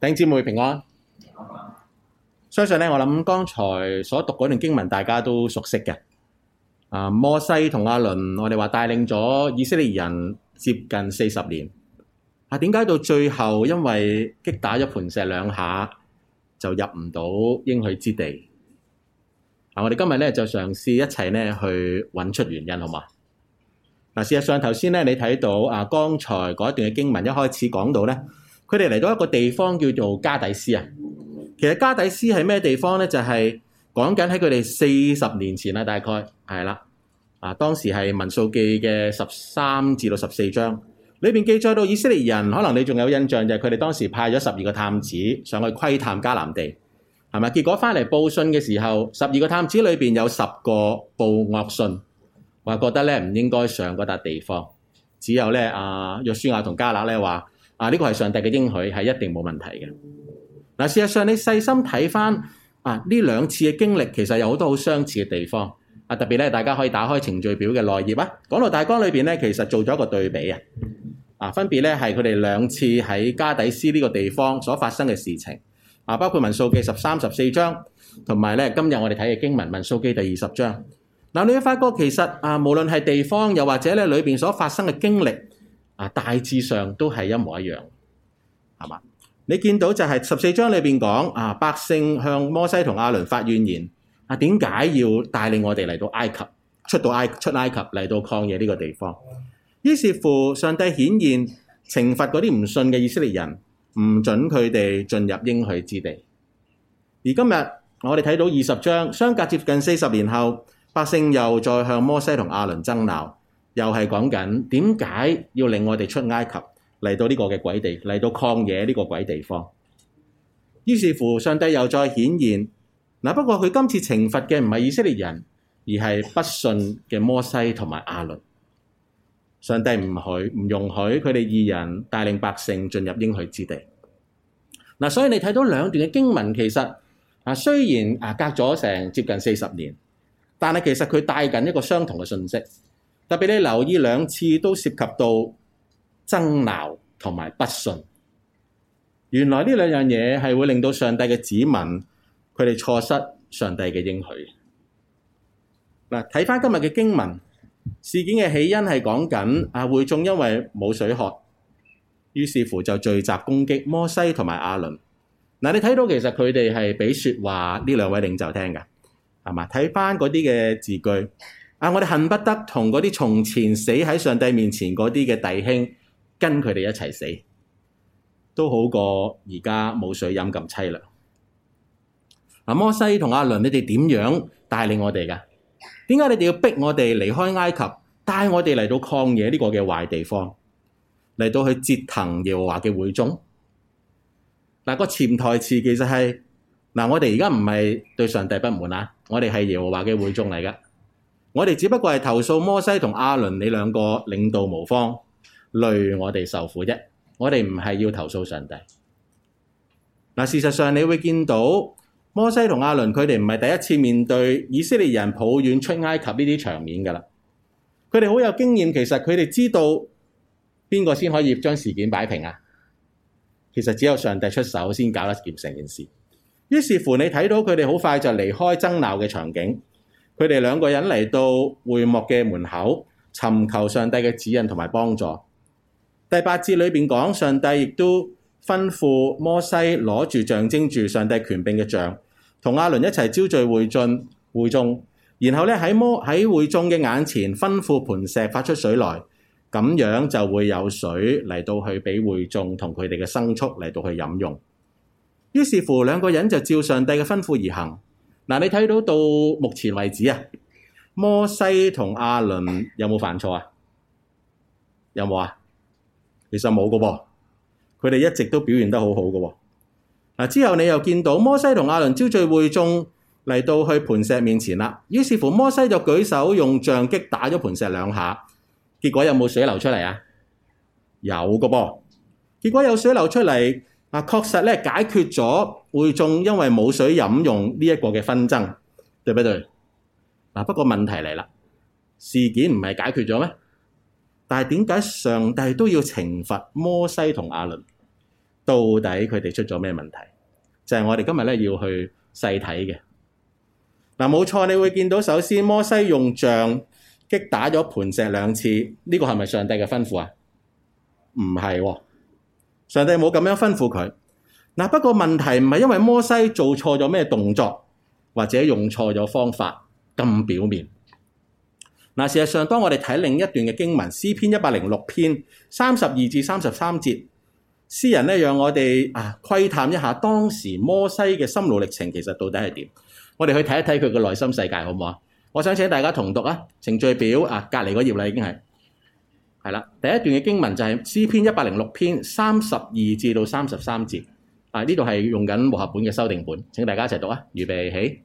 弟姊妹平安，相信咧，我諗剛才所讀嗰段經文，大家都熟悉嘅。啊，摩西同阿倫，我哋話帶領咗以色列人接近四十年，啊，點解到最後因為擊打咗磐石兩下，就入唔到應許之地？啊，我哋今日咧就嘗試一齊咧去揾出原因，好嘛？嗱，啊，事實上頭先咧，你睇到啊，剛才嗰一段嘅經文，一開始講到咧。佢哋嚟到一個地方叫做加底斯啊，其實加底斯係咩地方呢？就係講緊喺佢哋四十年前啦，大概係啦，啊當時係民數記嘅十三至到十四章，裏面記載到以色列人，可能你仲有印象就係佢哋當時派咗十二個探子上去窺探迦南地，係咪？結果翻嚟報信嘅時候，十二個探子裏面有十個報惡信，話覺得咧唔應該上嗰笪地方，只有咧阿約書亞同加勒咧話。啊，呢個係上帝嘅應許，係一定冇問題嘅。嗱，事實上你細心睇翻啊，呢兩次嘅經歷其實有好多好相似嘅地方啊，特別咧大家可以打開程序表嘅內頁啊講道，大綱裏邊咧其實做咗一個對比啊啊，分別咧係佢哋兩次喺加底斯呢個地方所發生嘅事情。啊，大致上都係一模一樣，係嘛？你見到就係十四章裏面講啊，百姓向摩西同亞倫發怨言，啊點解要帶領我哋嚟到埃及，出到埃及，出埃及嚟到曠野呢個地方？於是乎，上帝顯現懲罰嗰啲唔信嘅以色列人，唔准佢哋進入應許之地。而今日我哋睇到二十章，相隔接近四十年後，百姓又再向摩西同亞倫爭鬧。又係講緊點解要令我哋出埃及，嚟到呢個嘅鬼地，嚟到曠野呢個鬼地方。於是乎，上帝又再顯現嗱。不過佢今次懲罰嘅唔係以色列人，而係不信嘅摩西同埋亞倫。上帝唔許，唔容許佢哋二人帶領百姓進入應許之地嗱。所以你睇到兩段嘅經文，其實啊雖然啊隔咗成接近四十年，但係其實佢帶緊一個相同嘅信息。特別你留意兩次都涉及到爭鬧同埋不信，原來呢兩樣嘢係會令到上帝嘅子民佢哋錯失上帝嘅應許。嗱，睇翻今日嘅經文，事件嘅起因係講緊阿會眾因為冇水喝，於是乎就聚集攻擊摩西同埋亞倫。嗱，你睇到其實佢哋係俾説話呢兩位領袖聽㗎，係嘛？睇翻嗰啲嘅字句。啊！我哋恨不得同嗰啲從前死喺上帝面前嗰啲嘅弟兄跟佢哋一齊死，都好過而家冇水飲咁淒涼。摩西同阿倫，你哋點樣帶領我哋噶？點解你哋要逼我哋離開埃及，帶我哋嚟到曠野呢個嘅壞地方嚟到去折騰耶和華嘅會眾？嗱，個潛台詞其實係嗱，我哋而家唔係對上帝不滿啊，我哋係耶和華嘅會眾嚟噶。我哋只不過係投訴摩西同亞倫，你兩個領導無方，累我哋受苦啫。我哋唔係要投訴上帝。嗱，事實上你會見到摩西同亞倫佢哋唔係第一次面對以色列人抱怨出埃及呢啲場面㗎喇。佢哋好有經驗，其實佢哋知道邊個先可以將事件擺平啊？其實只有上帝出手先搞得掂成件事。於是乎，你睇到佢哋好快就離開爭鬧嘅場景。佢哋兩個人嚟到會幕嘅門口，尋求上帝嘅指引同埋幫助。第八節裏面講，上帝亦都吩咐摩西攞住象徵住上帝權柄嘅杖，同阿倫一齊招聚會眾。會眾，然後呢，喺摩喺會眾嘅眼前吩咐磐石發出水來，咁樣就會有水嚟到去俾會眾同佢哋嘅牲畜嚟到去飲用。於是乎，兩個人就照上帝嘅吩咐而行。嗱，你睇到到目前為止啊，摩西同阿倫有冇犯錯啊？有冇啊？其實冇個噃，佢哋一直都表現得好好個喎。嗱，之後你又見到摩西同阿倫招聚會眾嚟到去磐石面前啦，於是乎摩西就舉手用杖擊打咗磐石兩下，結果有冇水流出嚟啊？有個噃，結果有水流出嚟。嗱，確實咧解決咗會眾因為冇水飲用呢一個嘅紛爭，對不對？嗱，不過問題嚟啦，事件唔係解決咗咩？但係點解上帝都要懲罰摩西同亞倫？到底佢哋出咗咩問題？就係、是、我哋今日咧要去細睇嘅。嗱，冇錯，你會見到首先摩西用杖擊打咗磐石兩次，呢、這個係咪上帝嘅吩咐啊？唔係喎。上帝冇咁樣吩咐佢。嗱，不過問題唔係因為摩西做錯咗咩動作或者用錯咗方法咁表面。嗱，事實上當我哋睇另一段嘅經文，詩篇一百零六篇三十二至三十三節，詩人呢，讓我哋啊窺探一下當時摩西嘅心路歷程，其實到底係點？我哋去睇一睇佢嘅內心世界好唔好？我想請大家同讀啊，程序表啊，隔離嗰頁啦已經係。係啦，第一段嘅經文就係詩篇一百零六篇三十二至到三十三節。啊，呢度係用緊和合本嘅修訂本。請大家一齊讀啊！預備起。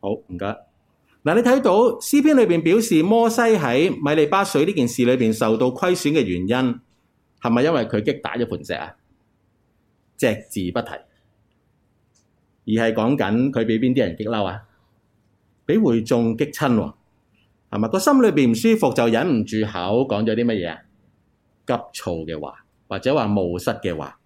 好，唔該。嗱，你睇到詩篇裏邊表示摩西喺米利巴水呢件事裏邊受到虧損嘅原因，係咪因為佢擊打咗磐石啊？隻字不提，而係講緊佢俾邊啲人激嬲啊？俾會眾激親喎，啊，係咪？個心裏邊唔舒服就忍唔住口講咗啲乜嘢？急躁嘅話，或者話冒失嘅話，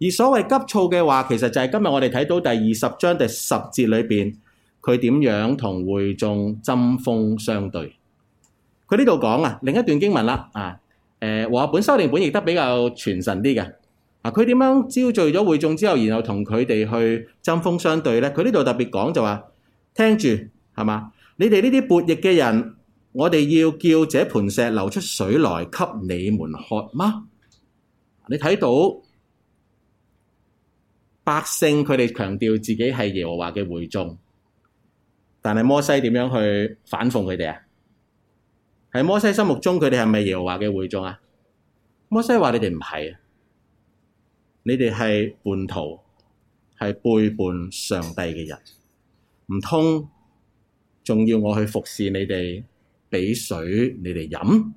而所謂急躁嘅話，其實就係今日我哋睇到第二十章第十節裏邊。佢點樣同會眾針鋒相對？佢呢度講啊，另一段經文啦，啊，誒和本修訂本亦都比較傳神啲嘅。啊，佢點樣招聚咗會眾之後，然後同佢哋去針鋒相對咧？佢呢度特別講就話、是：聽住係嘛？你哋呢啲悖逆嘅人，我哋要叫這磐石流出水來給你們喝嗎？你睇到百姓佢哋強調自己係耶和華嘅會眾。但係摩西點樣去反諷佢哋啊？喺摩西心目中，佢哋係咪耶和華嘅會眾啊？摩西話：你哋唔係，你哋係叛徒，係背叛上帝嘅人。唔通仲要我去服侍你哋，畀水你哋飲？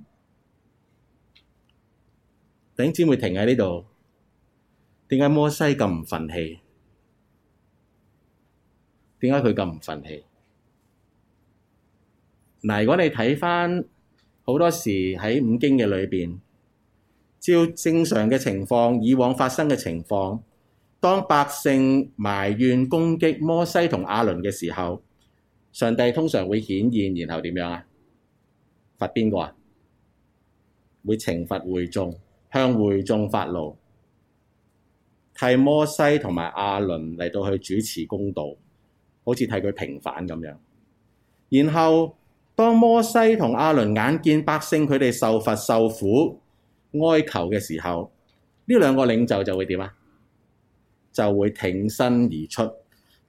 等姊妹停喺呢度？點解摩西咁唔忿氣？點解佢咁唔忿氣？嗱，如果你睇翻好多時喺五經嘅裏邊，照正常嘅情況，以往發生嘅情況，當百姓埋怨攻擊摩西同亞倫嘅時候，上帝通常會顯現，然後點樣啊？罰邊個啊？會懲罰會眾，向會眾發怒，替摩西同埋亞倫嚟到去主持公道，好似替佢平反咁樣，然後，當摩西同阿倫眼見百姓佢哋受罰受苦哀求嘅時候，呢兩個領袖就會點啊？就會挺身而出，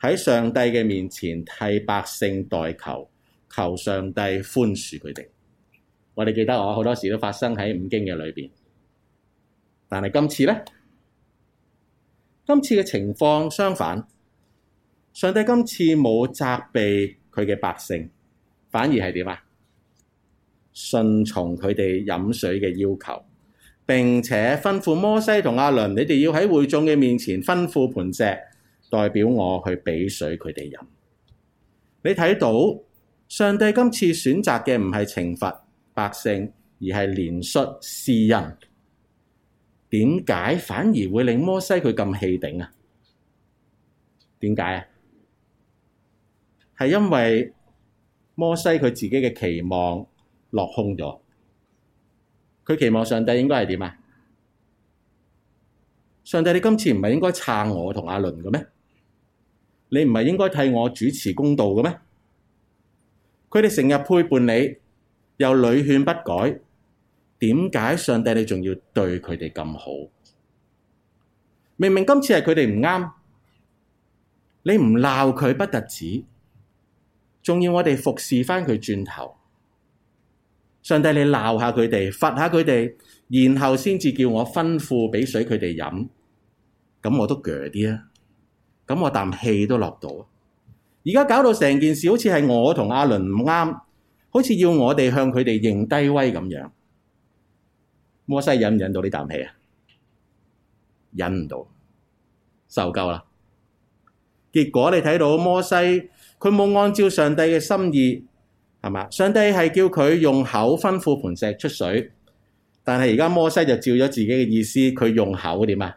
喺上帝嘅面前替百姓代求，求上帝寬恕佢哋。我哋記得我好多時都發生喺五經嘅裏邊，但係今次咧，今次嘅情況相反，上帝今次冇責備佢嘅百姓。反而係點啊？順從佢哋飲水嘅要求，並且吩咐摩西同阿倫，你哋要喺會眾嘅面前吩咐磐石，代表我去俾水佢哋飲。你睇到上帝今次選擇嘅唔係懲罰百姓，而係憐恤世人。點解反而會令摩西佢咁氣頂啊？點解啊？係因為。摩西佢自己嘅期望落空咗，佢期望上帝應該係點啊？上帝你今次唔係應該撐我同阿倫嘅咩？你唔係應該替我主持公道嘅咩？佢哋成日背叛你，又屢勸不改，點解上帝你仲要對佢哋咁好？明明今次係佢哋唔啱，你唔鬧佢不特止。仲要我哋服侍返佢轉頭，上帝你鬧下佢哋，罰下佢哋，然後先至叫我吩咐畀水佢哋飲，咁我都攰啲啊，咁我啖氣都落到啊，而家搞到成件事好似係我同阿倫唔啱，好似要我哋向佢哋認低威咁樣，摩西忍唔忍到呢啖氣啊？忍唔到，受夠啦，結果你睇到摩西。佢冇按照上帝嘅心意，係嘛？上帝係叫佢用口吩咐磐石出水，但係而家摩西就照咗自己嘅意思，佢用口點啊？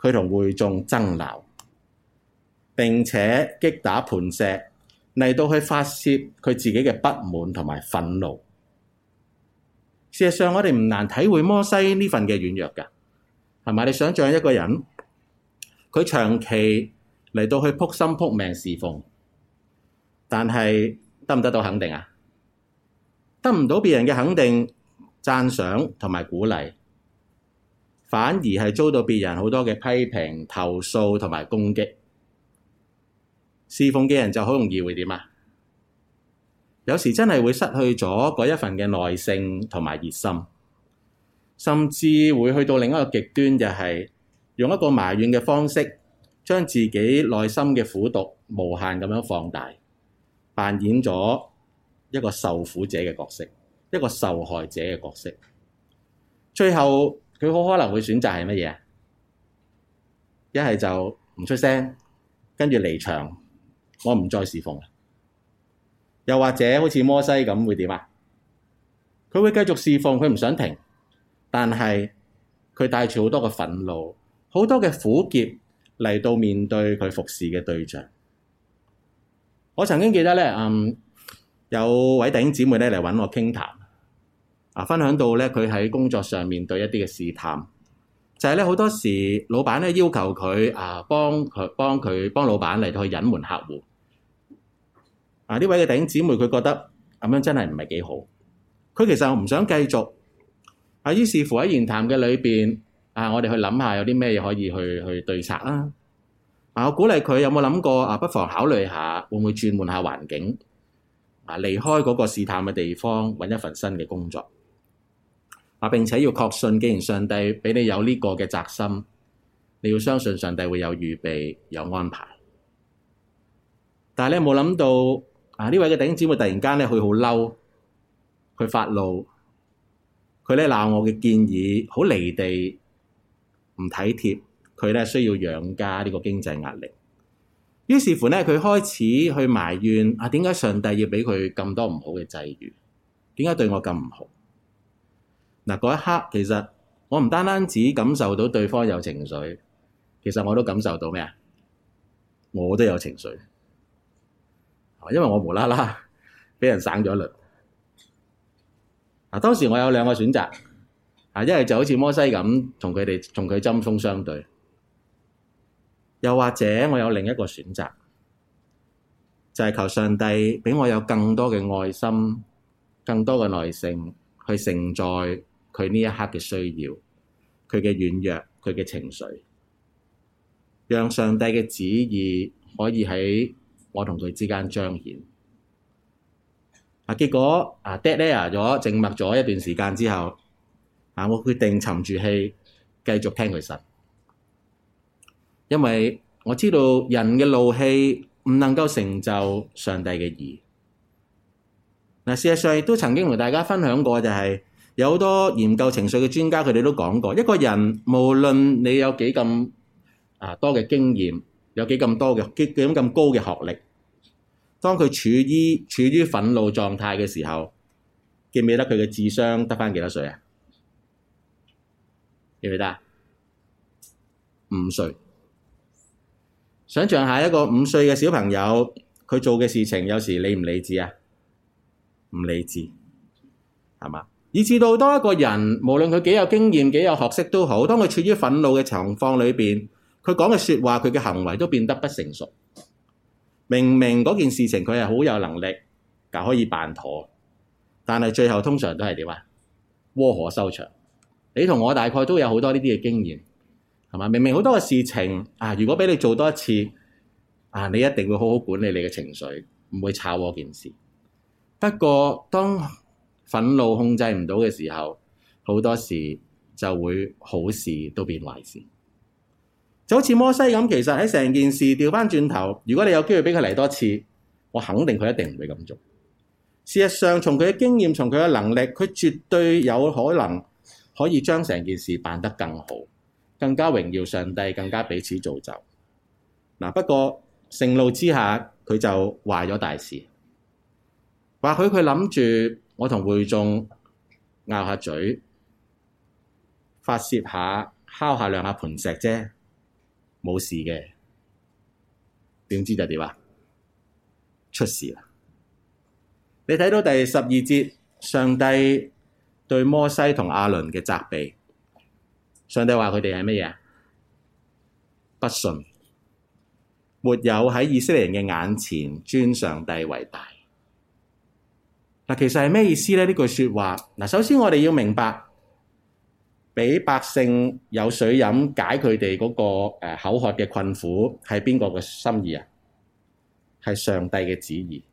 佢同會眾爭鬧，並且擊打磐石，嚟到去發泄佢自己嘅不滿同埋憤怒。事實上，我哋唔難體會摩西呢份嘅軟弱㗎，係嘛？你想象一個人，佢長期嚟到去撲心撲命侍奉。但係得唔得到肯定啊？得唔到別人嘅肯定、讚賞同埋鼓勵，反而係遭到別人好多嘅批評、投訴同埋攻擊。侍奉嘅人就好容易會點啊？有時真係會失去咗嗰一份嘅耐性同埋熱心，甚至會去到另一個極端，就是，就係用一個埋怨嘅方式，將自己內心嘅苦毒無限咁樣放大。扮演咗一個受苦者嘅角色，一個受害者嘅角色。最後佢好可能會選擇係乜嘢？一係就唔出聲，跟住離場，我唔再侍奉啦。又或者好似摩西咁，會點啊？佢會繼續侍奉，佢唔想停，但係佢帶住好多嘅憤怒、好多嘅苦澀嚟到面對佢服侍嘅對象。我曾經記得咧，嗯，有位弟兄姊妹咧嚟揾我傾談，啊，分享到咧佢喺工作上面對一啲嘅試探，就係咧好多時老闆，老闆咧要求佢啊，幫佢幫佢幫老闆嚟到去隱瞞客戶，啊呢位嘅弟兄姊妹佢覺得咁、啊、樣真係唔係幾好，佢其實我唔想繼續，啊於是乎喺言談嘅裏邊，啊我哋去諗下有啲咩可以去去對策啊。啊！我鼓勵佢有冇諗過啊？不妨考慮下，會唔會轉換下環境？啊，離開嗰個試探嘅地方，搵一份新嘅工作。啊，並且要確信，既然上帝俾你有呢個嘅責心，你要相信上帝會有預備、有安排。但係你有冇諗到啊？呢位嘅頂姊妹，我突然間咧，佢好嬲，佢發怒，佢咧鬧我嘅建議好離地，唔體貼。佢咧需要養家呢個經濟壓力，於是乎咧佢開始去埋怨啊，點解上帝要俾佢咁多唔好嘅際遇？點解對我咁唔好？嗱、啊、嗰一刻其實我唔單單只感受到對方有情緒，其實我都感受到咩啊？我都有情緒、啊，因為我無啦啦俾人省咗一輪。嗱、啊、當時我有兩個選擇，啊，一係就好似摩西咁同佢哋同佢針鋒相對。又或者我有另一個選擇，就係、是、求上帝畀我有更多嘅愛心，更多嘅耐性去承載佢呢一刻嘅需要，佢嘅軟弱，佢嘅情緒，讓上帝嘅旨意可以喺我同佢之間彰顯。啊，結果啊 dead air 咗靜默咗一段時間之後，啊，我決定沉住氣，繼續聽佢呻。因為我知道人嘅怒氣唔能夠成就上帝嘅義。嗱，事實上亦都曾經同大家分享過，就係有好多研究情緒嘅專家，佢哋都講過，一個人無論你有幾咁啊多嘅經驗，有幾咁多嘅幾咁高嘅學歷，當佢處於處於憤怒狀態嘅時候，記唔記得佢嘅智商得返幾多歲啊？記唔記得啊？五歲。想象下一個五歲的小朋友，他做的事情有時理唔理智啊？不理智。是嗎？以至到，當一個人，無論他幾有經驗，幾有學識都好，當他處於憤怒的情況裏面，他講的說話，他的行為都變得不成熟。明明，那件事情他是很有能力，但可以辦妥。但是最後通常都是點？窩火收場。你和我大概都有很多這些經驗。明明好多嘅事情啊！如果俾你做多一次啊，你一定會好好管理你嘅情緒，唔會炒我件事。不過當憤怒控制唔到嘅時候，好多時就會好事都變壞事。就好似摩西咁，其實喺成件事掉翻轉頭，如果你有機會俾佢嚟多次，我肯定佢一定唔會咁做。事實上，從佢嘅經驗，從佢嘅能力，佢絕對有可能可以將成件事辦得更好。更加榮耀上帝，更加彼此造就。嗱、啊，不過盛怒之下，佢就壞咗大事。或許佢諗住我同會眾拗下嘴，發泄下，敲下兩下磐石啫，冇事嘅。點知就點啊？出事啦！你睇到第十二節，上帝對摩西同亞倫嘅責備。上帝話：佢哋係乜嘢？不信，沒有喺以色列人嘅眼前尊上帝為大。嗱，其實係咩意思咧？呢句説話，嗱，首先我哋要明白，俾百姓有水飲，解佢哋嗰個誒口渴嘅困苦，係邊個嘅心意啊？係上帝嘅旨意。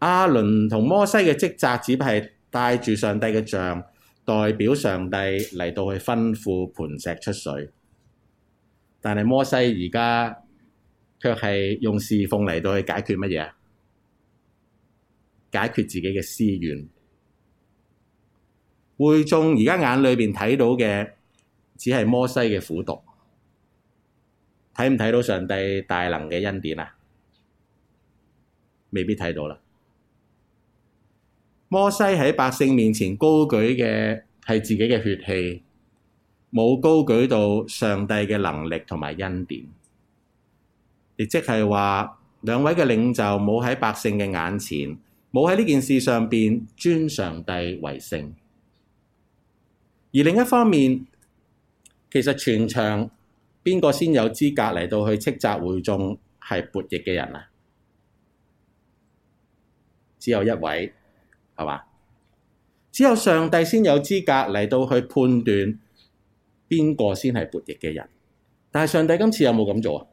亞倫同摩西嘅職責，只不係帶住上帝嘅像。代表上帝嚟到去吩咐磐石出水，但係摩西而家卻係用侍奉嚟到去解決乜嘢？解決自己嘅私怨。會眾而家眼裏邊睇到嘅，只係摩西嘅苦讀，睇唔睇到上帝大能嘅恩典啊？未必，必睇到啦。摩西喺百姓面前高舉嘅係自己嘅血氣，冇高舉到上帝嘅能力同埋恩典。亦即係話，兩位嘅領袖冇喺百姓嘅眼前，冇喺呢件事上面尊上帝為聖。而另一方面，其實全場邊個先有資格嚟到去斥責會眾係悖逆嘅人啊？只有一位。係嘛？只有上帝先有資格嚟到去判斷邊個先係叛逆嘅人，但係上帝今次有冇咁做啊？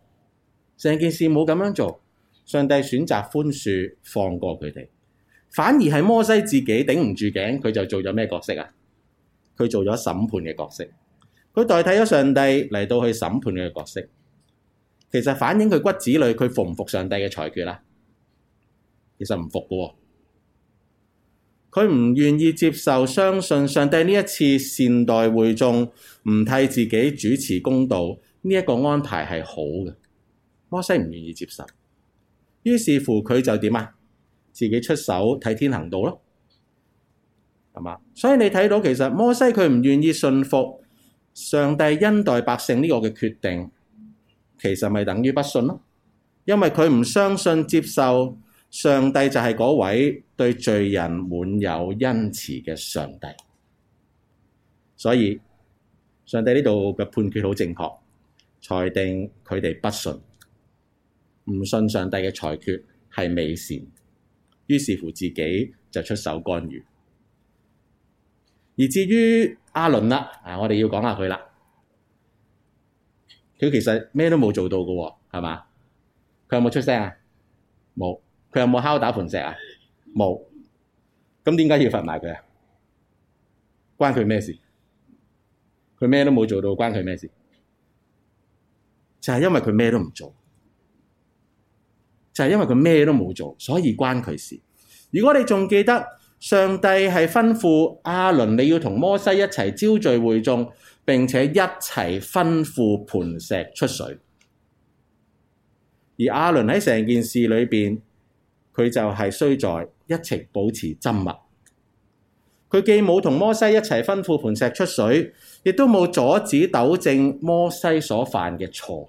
成件事冇咁樣做，上帝選擇寬恕放過佢哋，反而係摩西自己頂唔住頸，佢就做咗咩角色啊？佢做咗審判嘅角色，佢代替咗上帝嚟到去審判嘅角色，其實反映佢骨子裏佢服唔服上帝嘅裁決啦？其實唔服噶。佢唔願意接受相信上帝呢一次善待會眾，唔替自己主持公道呢一個安排係好嘅。摩西唔願意接受，於是乎佢就點啊？自己出手替天行道咯，係嘛？所以你睇到其實摩西佢唔願意信服上帝恩待百姓呢個嘅決定，其實咪等於不信咯，因為佢唔相信接受。上帝就係嗰位對罪人滿有恩慈嘅上帝，所以上帝呢度嘅判決好正確，裁定佢哋不信，唔信上帝嘅裁決係美善，於是乎自己就出手干預。而至於阿倫啦，啊，我哋要講下佢啦。佢其實咩都冇做到嘅喎，係嘛？佢有冇出聲啊？冇。佢有冇敲打磐石啊？冇。咁點解要罰埋佢啊？關佢咩事？佢咩都冇做到，關佢咩事？就係因為佢咩都唔做，就係因為佢咩都冇做，所以關佢事。如果你仲記得上帝係吩咐亞倫你要同摩西一齊召聚會眾，並且一齊吩咐磐石出水，而亞倫喺成件事裏面。佢就係衰在一齊保持沉默。佢既冇同摩西一齊吩咐磐石出水，亦都冇阻止糾正摩西所犯嘅錯。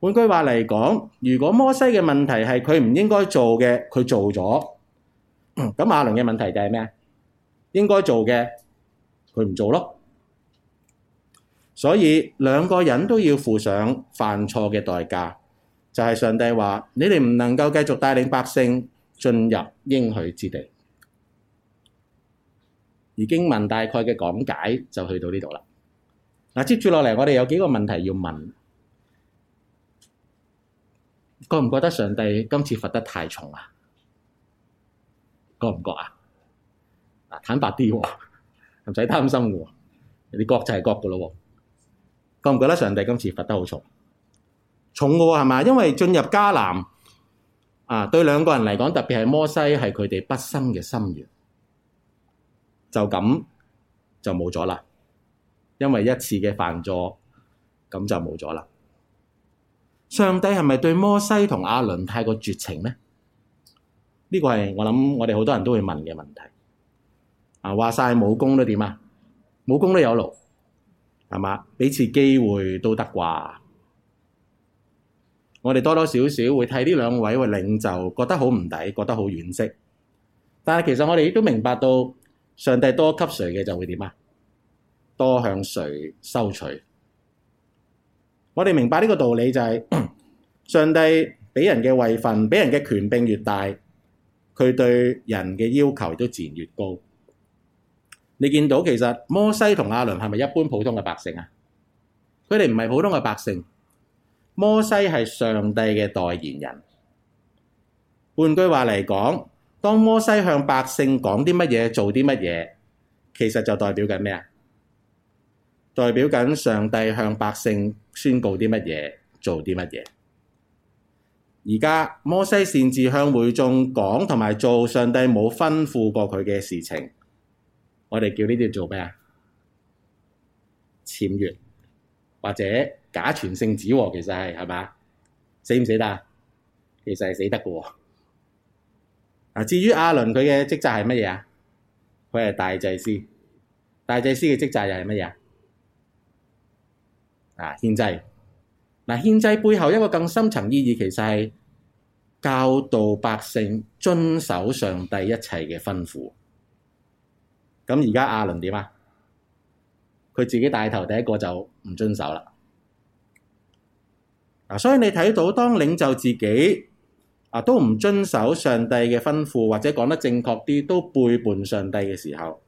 換句話嚟講，如果摩西嘅問題係佢唔應該做嘅，佢做咗，咁亞倫嘅問題就係咩？應該做嘅佢唔做咯。所以兩個人都要付上犯錯嘅代價。就係上帝話：你哋唔能夠繼續帶領百姓進入應許之地。而經文大概嘅講解就去到呢度啦。嗱，接住落嚟，我哋有幾個問題要問。覺唔覺得上帝今次罰得太重啊？覺唔覺啊？嗱，坦白啲，唔使擔心喎，你覺就係覺噶咯。覺唔覺得上帝今次罰得好重？重嘅喎，係嘛？因為進入迦南啊，對兩個人嚟講，特別係摩西，係佢哋畢生嘅心願。就咁就冇咗啦，因為一次嘅犯錯，咁就冇咗啦。上帝係咪對摩西同亞倫太過絕情咧？呢個係我諗我哋好多人都會問嘅問題。啊，話晒冇功都點啊？冇功都有勞，係嘛？俾次機會都得啩？我哋多多少少會替呢兩位嘅領袖覺得好唔抵，覺得好惋惜。但係其實我哋亦都明白到，上帝多給誰嘅就會點啊？多向誰收取？我哋明白呢個道理就係、是， 上帝俾人嘅位份、俾人嘅權柄越大，佢對人嘅要求亦都自然越高。你見到其實摩西同阿倫係咪一般普通嘅百姓啊？佢哋唔係普通嘅百姓。摩西係上帝嘅代言人。換句話嚟講，當摩西向百姓講啲乜嘢、做啲乜嘢，其實就代表緊咩啊？代表緊上帝向百姓宣告啲乜嘢、做啲乜嘢。而家摩西擅自向會眾講同埋做上帝冇吩咐過佢嘅事情，我哋叫呢啲做咩啊？僭越或者，假傳聖旨，其實係係咪？死唔死得？其實係死得嘅。嗱，至於阿倫佢嘅職責係乜嘢啊？佢係大祭司，大祭司嘅職責又係乜嘢？啊，獻祭。嗱、啊，獻祭背後一個更深層意義，其實係教導百姓遵守上帝一切嘅吩咐。咁而家阿倫點啊？佢自己帶頭第一個就唔遵守啦。嗱，所以你睇到當領袖自己啊都唔遵守上帝嘅吩咐，或者講得正確啲，都背叛上帝嘅時候，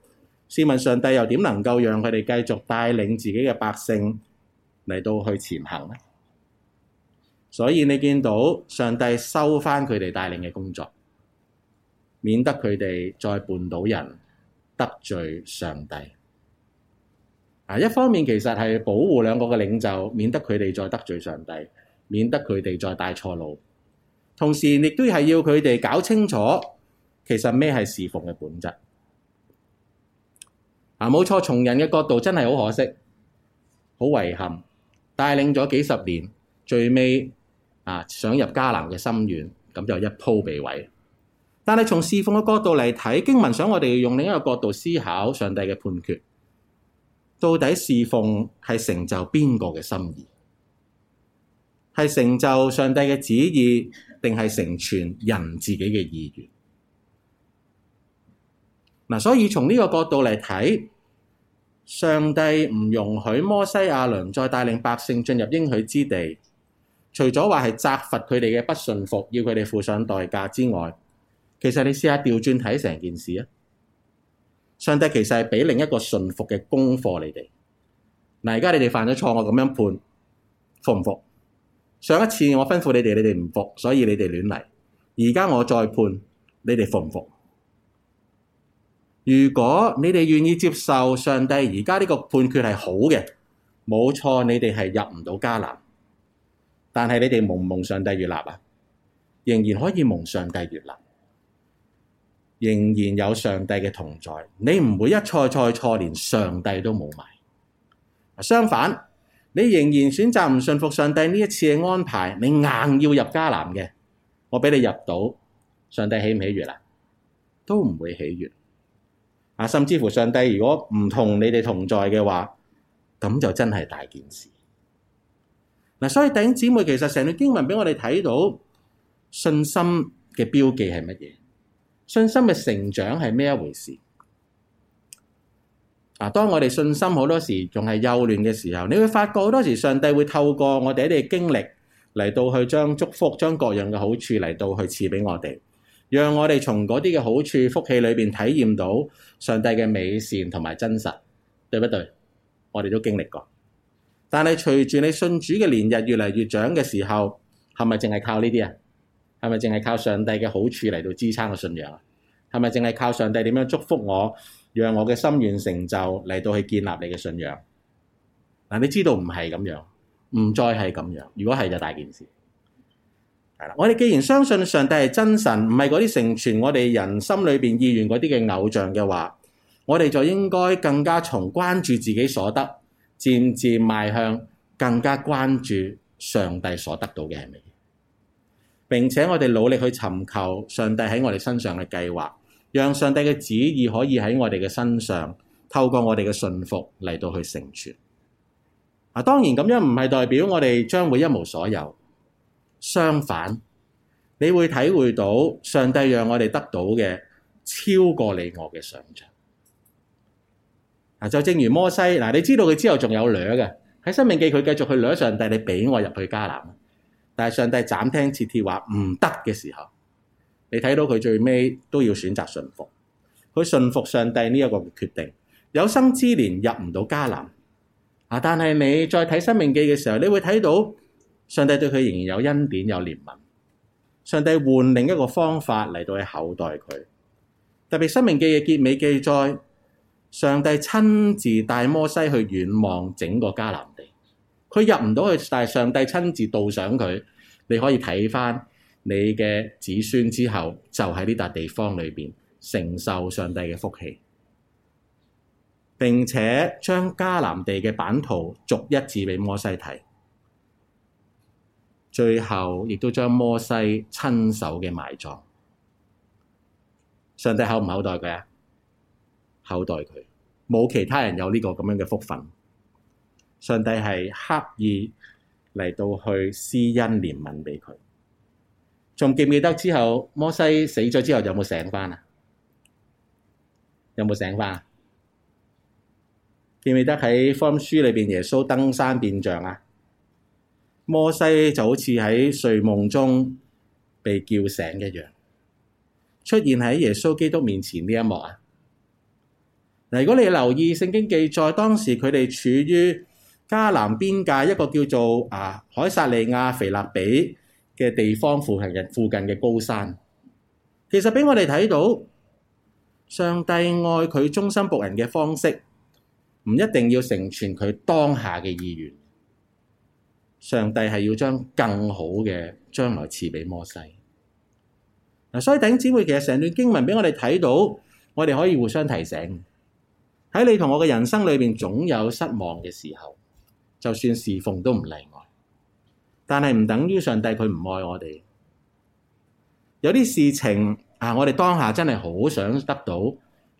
試問上帝又點能夠讓佢哋繼續帶領自己嘅百姓嚟到去前行咧？所以你見到上帝收翻佢哋帶領嘅工作，免得佢哋再絆倒人得罪上帝。啊，一方面其實係保護兩個嘅領袖，免得佢哋再得罪上帝。免得佢哋再帶錯路，同時亦都係要佢哋搞清楚，其實咩係侍奉嘅本質啊！冇錯，從人嘅角度真係好可惜、好遺憾，帶領咗幾十年，最尾啊想入迦南嘅心願，咁就一鋪被毀。但係從侍奉嘅角度嚟睇，經文想我哋要用另一個角度思考上帝嘅判決，到底侍奉係成就邊個嘅心意？係成就上帝嘅旨意，定係成全人自己嘅意願？嗱、啊，所以從呢個角度嚟睇，上帝唔容許摩西亞倫再帶領百姓進入應許之地，除咗話係責罰佢哋嘅不順服，要佢哋付上代價之外，其實你試下調轉睇成件事啊！上帝其實係俾另一個順服嘅功課你哋。嗱、啊，而家你哋犯咗錯，我咁樣判，服唔服？上一次我吩咐你哋，你哋唔服，所以你哋亂嚟。而家我再判，你哋服唔服？如果你哋願意接受上帝而家呢個判決係好嘅，冇錯，你哋係入唔到迦南。但係你哋蒙唔蒙上帝悅納啊？仍然可以蒙上帝悅納，仍然有上帝嘅同在。你唔會一錯再錯連上帝都冇埋。相反。你仍然選擇唔信服上帝呢一次嘅安排，你硬要入迦南嘅，我畀你入到，上帝喜唔喜悅啊？都唔會喜悅啊！甚至乎上帝如果唔同你哋同在嘅話，咁就真係大件事。嗱、啊，所以弟兄姊妹，其實成段經文畀我哋睇到信心嘅標記係乜嘢？信心嘅成長係咩一回事？啊！當我哋信心好多時仲係幼嫩嘅時候，你會發覺好多時上帝會透過我哋一啲經歷嚟到去將祝福、將各樣嘅好處嚟到去賜俾我哋，讓我哋從嗰啲嘅好處福氣裏邊體驗到上帝嘅美善同埋真實，對不對？我哋都經歷過。但係隨住你信主嘅年日越嚟越長嘅時候，係咪淨係靠呢啲啊？係咪淨係靠上帝嘅好處嚟到支撐個信仰啊？係咪淨係靠上帝點樣祝福我？讓我嘅心願成就嚟到去建立你嘅信仰。嗱，你知道唔係咁樣，唔再係咁樣。如果係就大件事。係啦， 我哋既然相信上帝係真神，唔係嗰啲成全我哋人心裏邊意願嗰啲嘅偶像嘅話，我哋就應該更加從關注自己所得，漸漸邁向更加關注上帝所得到嘅係咪？並且我哋努力去尋求上帝喺我哋身上嘅計劃。讓上帝嘅旨意可以喺我哋嘅身上，透過我哋嘅信服嚟到去成全。啊，當然咁樣唔係代表我哋將會一無所有。相反，你會體會到上帝讓我哋得到嘅，超過你我嘅想象。嗱，就正如摩西，嗱，你知道佢之後仲有掠嘅，喺《申命記》佢繼續去掠上帝，你俾我入去迦南。但係上帝斬釘截鐵話唔得嘅時候。你睇到佢最尾都要選擇信服，佢信服上帝呢一個決定。有生之年入唔到迦南，啊！但係你再睇《申命記》嘅時候，你會睇到上帝對佢仍然有恩典、有憐憫。上帝換另一個方法嚟到去厚待佢，特別《申命記》嘅結尾記載，上帝親自帶摩西去遠望整個迦南地，佢入唔到去，但係上帝親自導賞佢，你可以睇翻。你嘅子孫之後就喺呢笪地方裏邊承受上帝嘅福氣，並且將迦南地嘅版圖逐一字畀摩西睇，最後亦都將摩西親手嘅埋葬。上帝厚唔厚待佢啊？厚待佢，冇其他人有呢個咁樣嘅福分。上帝係刻意嚟到去施恩憐憫俾佢。仲，記唔記得之後，摩西死咗之後，有冇醒返？有冇醒返？記唔記得，喺福音書裏面，嘅地方附近嘅高山，其實俾我哋睇到，上帝愛佢忠心僕人嘅方式，唔一定要成全佢當下嘅意願。上帝係要將更好嘅將來賜俾摩西。嗱，所以頂姊妹，其實成段經文俾我哋睇到，我哋可以互相提醒：喺你同我嘅人生裏邊，總有失望嘅時候，就算侍奉都唔例外。但係唔等於上帝佢唔愛我哋。有啲事情啊，我哋當下真係好想得到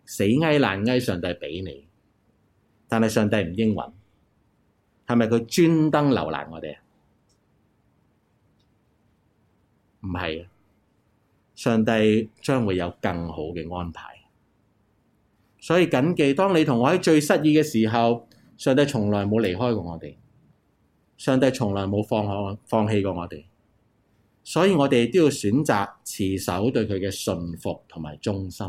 死求爛求，上帝俾你，但係上帝唔應允，係咪佢專登留難我哋啊？唔係，上帝將會有更好嘅安排。所以緊記，當你同我喺最失意嘅時候，上帝從來冇離開過我哋。上帝從來冇放下、放棄過我哋，所以我哋都要選擇持守對佢嘅信服同埋忠心，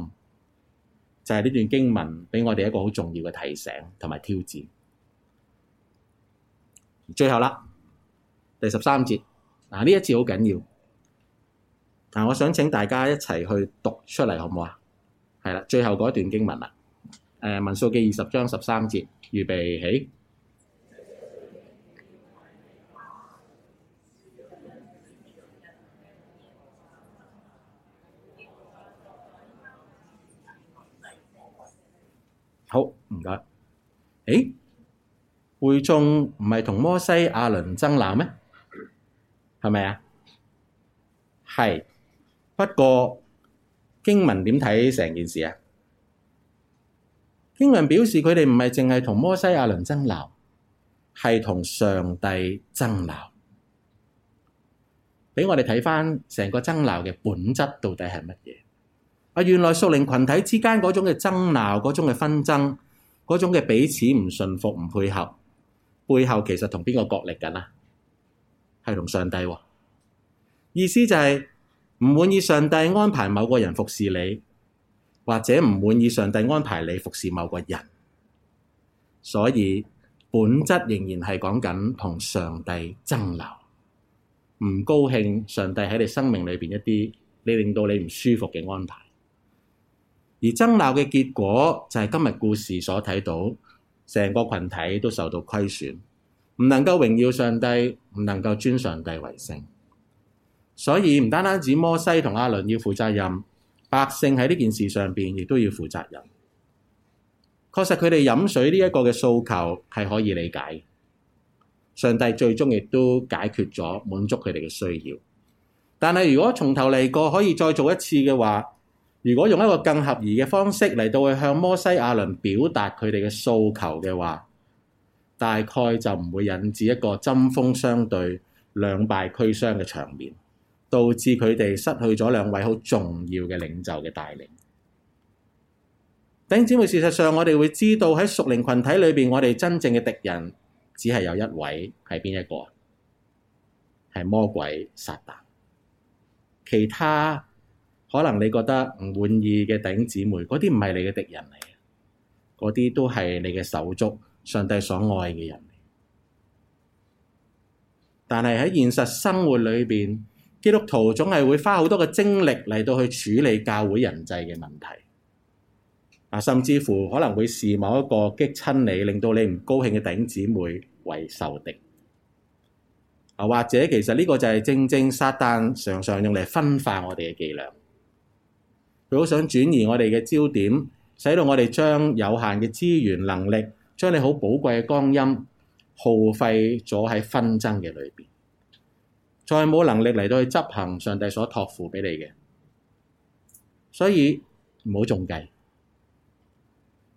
就係、是、呢段經文俾我哋一個好重要嘅提醒同埋挑戰。最後啦，第十三節，嗱、啊、呢一節好緊要，但、啊、我想請大家一齊去讀出嚟，好唔好啊？係啦，最後嗰一段經文啦，誒、呃，民數記二十章十三節，預備起。好，唔該。誒，會眾唔係同摩西、亞倫爭鬧咩？係咪啊？係，不過經文點睇成件事啊？經文表示佢哋唔係淨係同摩西、亞倫爭鬧，係同上帝爭鬧。俾我哋睇翻成個爭鬧嘅本質到底係乜嘢？啊！原來屬靈群體之間嗰種嘅爭鬧、嗰種嘅紛爭、嗰種嘅彼此唔順服、唔配合背後，其實同邊個角力緊啊？係同上帝喎，哦。意思就係唔滿意上帝安排某個人服侍你，或者唔滿意上帝安排你服侍某個人，所以本質仍然係講緊同上帝爭流，唔高興上帝喺你生命裏邊一啲你令到你唔舒服嘅安排。而爭鬧嘅結果就係今日故事所睇到，成個群體都受到虧損，唔能夠榮耀上帝，唔能夠尊上帝為聖。所以唔單單指摩西同阿倫要負責任，百姓喺呢件事上邊亦都要負責任。確實佢哋飲水呢一個嘅訴求係可以理解，上帝最終亦都解決咗，滿足佢哋嘅需要。但係如果從頭嚟過，可以再做一次嘅話，如果用一個更合宜嘅方式嚟到去向摩西亞倫表達佢哋嘅訴求嘅話，大概就唔會引致一個針鋒相對、兩敗俱傷嘅場面，導致佢哋失去咗兩位好重要嘅領袖嘅帶領。頂尖會事實上，我哋會知道喺屬靈群體裏邊，我哋真正嘅敵人只係有一位，係邊一個啊？係魔鬼撒旦，其他。可能你覺得唔滿意嘅弟兄姊妹，嗰啲唔係你嘅敵人嚟，嗰啲都係你嘅手足，上帝所愛嘅人嚟。但係喺現實生活裏邊，基督徒總係會花好多嘅精力嚟到去處理教會人際嘅問題，啊，甚至乎可能會視某一個激親你，令到你唔高興嘅弟兄姊妹為仇敵，啊，或者其實呢個就係正正撒旦常常用嚟分化我哋嘅伎倆。佢好想轉移我哋嘅焦點，使到我哋將有限嘅資源能力，將你好寶貴嘅光陰耗費咗喺紛爭嘅裏邊，再冇能力嚟到去執行上帝所託付俾你嘅，所以唔好中計。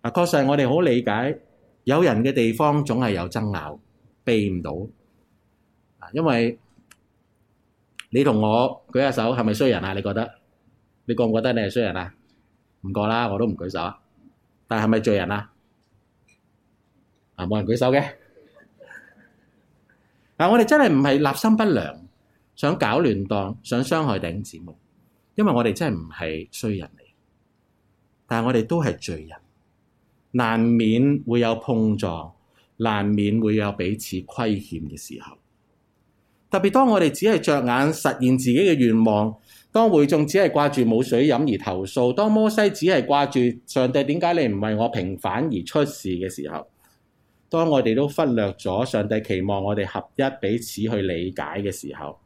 啊，確實我哋好理解，有人嘅地方總係有爭拗，避唔到。啊，因為你同我舉下手，係咪衰人啊？你覺得？你覺唔覺得你係衰人啊？唔覺啦，我都唔舉手啊。但係係咪罪人啊？啊，冇人舉手嘅。嗱、 啊，我哋真係唔係立心不良，想搞亂檔，想傷害弟兄姊妹。因為我哋真係唔係衰人嚟，但係我哋都係罪人，難免會有碰撞，難免會有彼此虧欠嘅時候。特別當我哋只係着眼實現自己嘅願望，當會眾只係掛住冇水飲而投訴，當摩西只係掛住上帝點解你唔為我平反而出事嘅時候，當我哋都忽略咗上帝期望我哋合一彼此去理解嘅時候，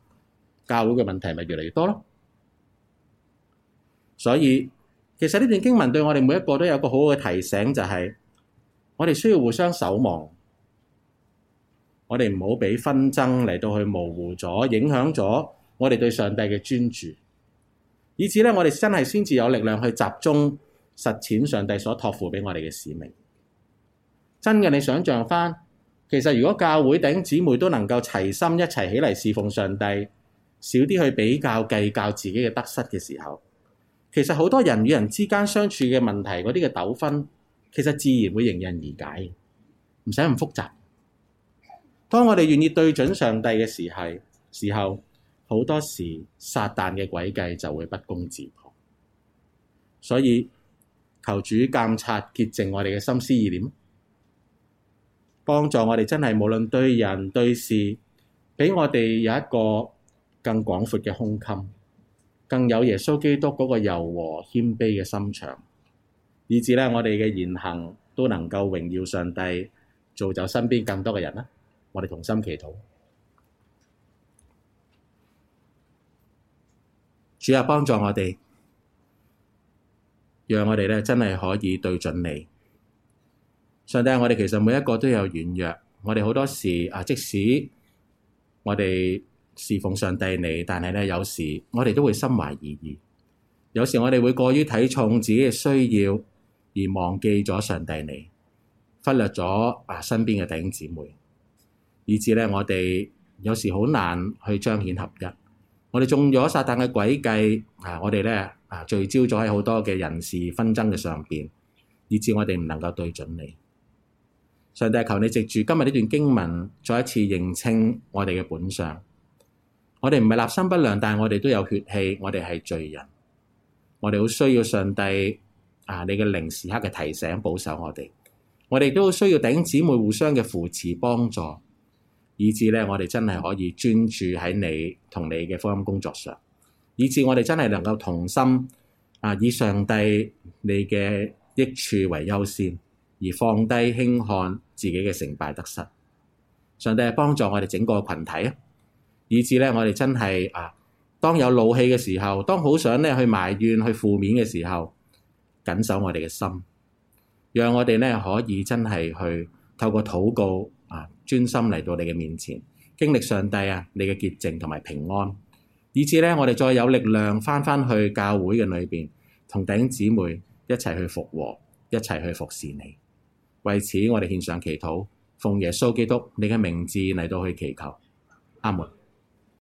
教會嘅問題咪越嚟越多咯。所以其實呢段經文對我哋每一個都有個好好嘅提醒，就係、是、我哋需要互相守望。我哋唔好俾紛爭嚟到去模糊咗，影響咗我哋對上帝嘅專注，以致咧，我哋真係先至有力量去集中實踐上帝所託付俾我哋嘅使命。真嘅，你想象返，其實如果教會頂姊妹都能夠齊心一齊起嚟侍奉上帝，少啲去比較計較自己嘅得失嘅時候，其實好多人與人之間相處嘅問題，嗰啲嘅糾紛，其實自然會迎刃而解，唔使咁複雜。當我哋願意對準上帝嘅時候時候，好多時撒旦嘅詭計就會不攻自破。所以求主監察潔淨我哋嘅心思意念，幫助我哋真係無論對人對事，俾我哋有一個更廣闊嘅胸襟，更有耶穌基督嗰個柔和謙卑嘅心腸，以至咧我哋嘅言行都能夠榮耀上帝，造就身邊更多嘅人啦。我哋同心祈禱，主啊，幫助我哋，讓我哋咧真係可以對準你。上帝我哋其實每一個都有軟弱，我哋好多時啊，即使我哋侍奉上帝你，但係咧有時我哋都會心懷二意，有時我哋會過於睇重自己嘅需要，而忘記咗上帝你，忽略咗啊身邊嘅弟兄姊妹。以致咧，我哋有時好難去彰顯合一。我哋中咗撒旦嘅詭計啊！我哋咧啊，聚焦咗喺好多嘅人事紛爭嘅上邊，以致我哋唔能夠對準你。上帝，求你藉住今日呢段經文，再一次認清我哋嘅本相。我哋唔係立心不良，但係我哋都有血氣，我哋係罪人。我哋好需要上帝啊，你嘅靈時刻嘅提醒保守我哋。我哋都好需要頂姊妹互相嘅扶持幫助。以至咧，我哋真係可以專注喺你同你嘅福音工作上，以致我哋真係能夠同心啊，以上帝你嘅益處為優先，而放低輕看自己嘅成敗得失。上帝係幫助我哋整個群體啊，以致咧，我哋真係啊，當有怒氣嘅時候，當好想咧去埋怨、去負面嘅時候，緊守我哋嘅心，讓我哋咧可以真係去透過禱告。啊！專心嚟到你嘅面前，經歷上帝啊，你嘅潔淨同埋平安，以致咧，我哋再有力量返返去教會嘅裏邊，同頂姊妹一齊去復和，一齊去服侍你。為此我哋獻上祈禱，奉耶穌基督你嘅名字嚟到去祈求，阿門。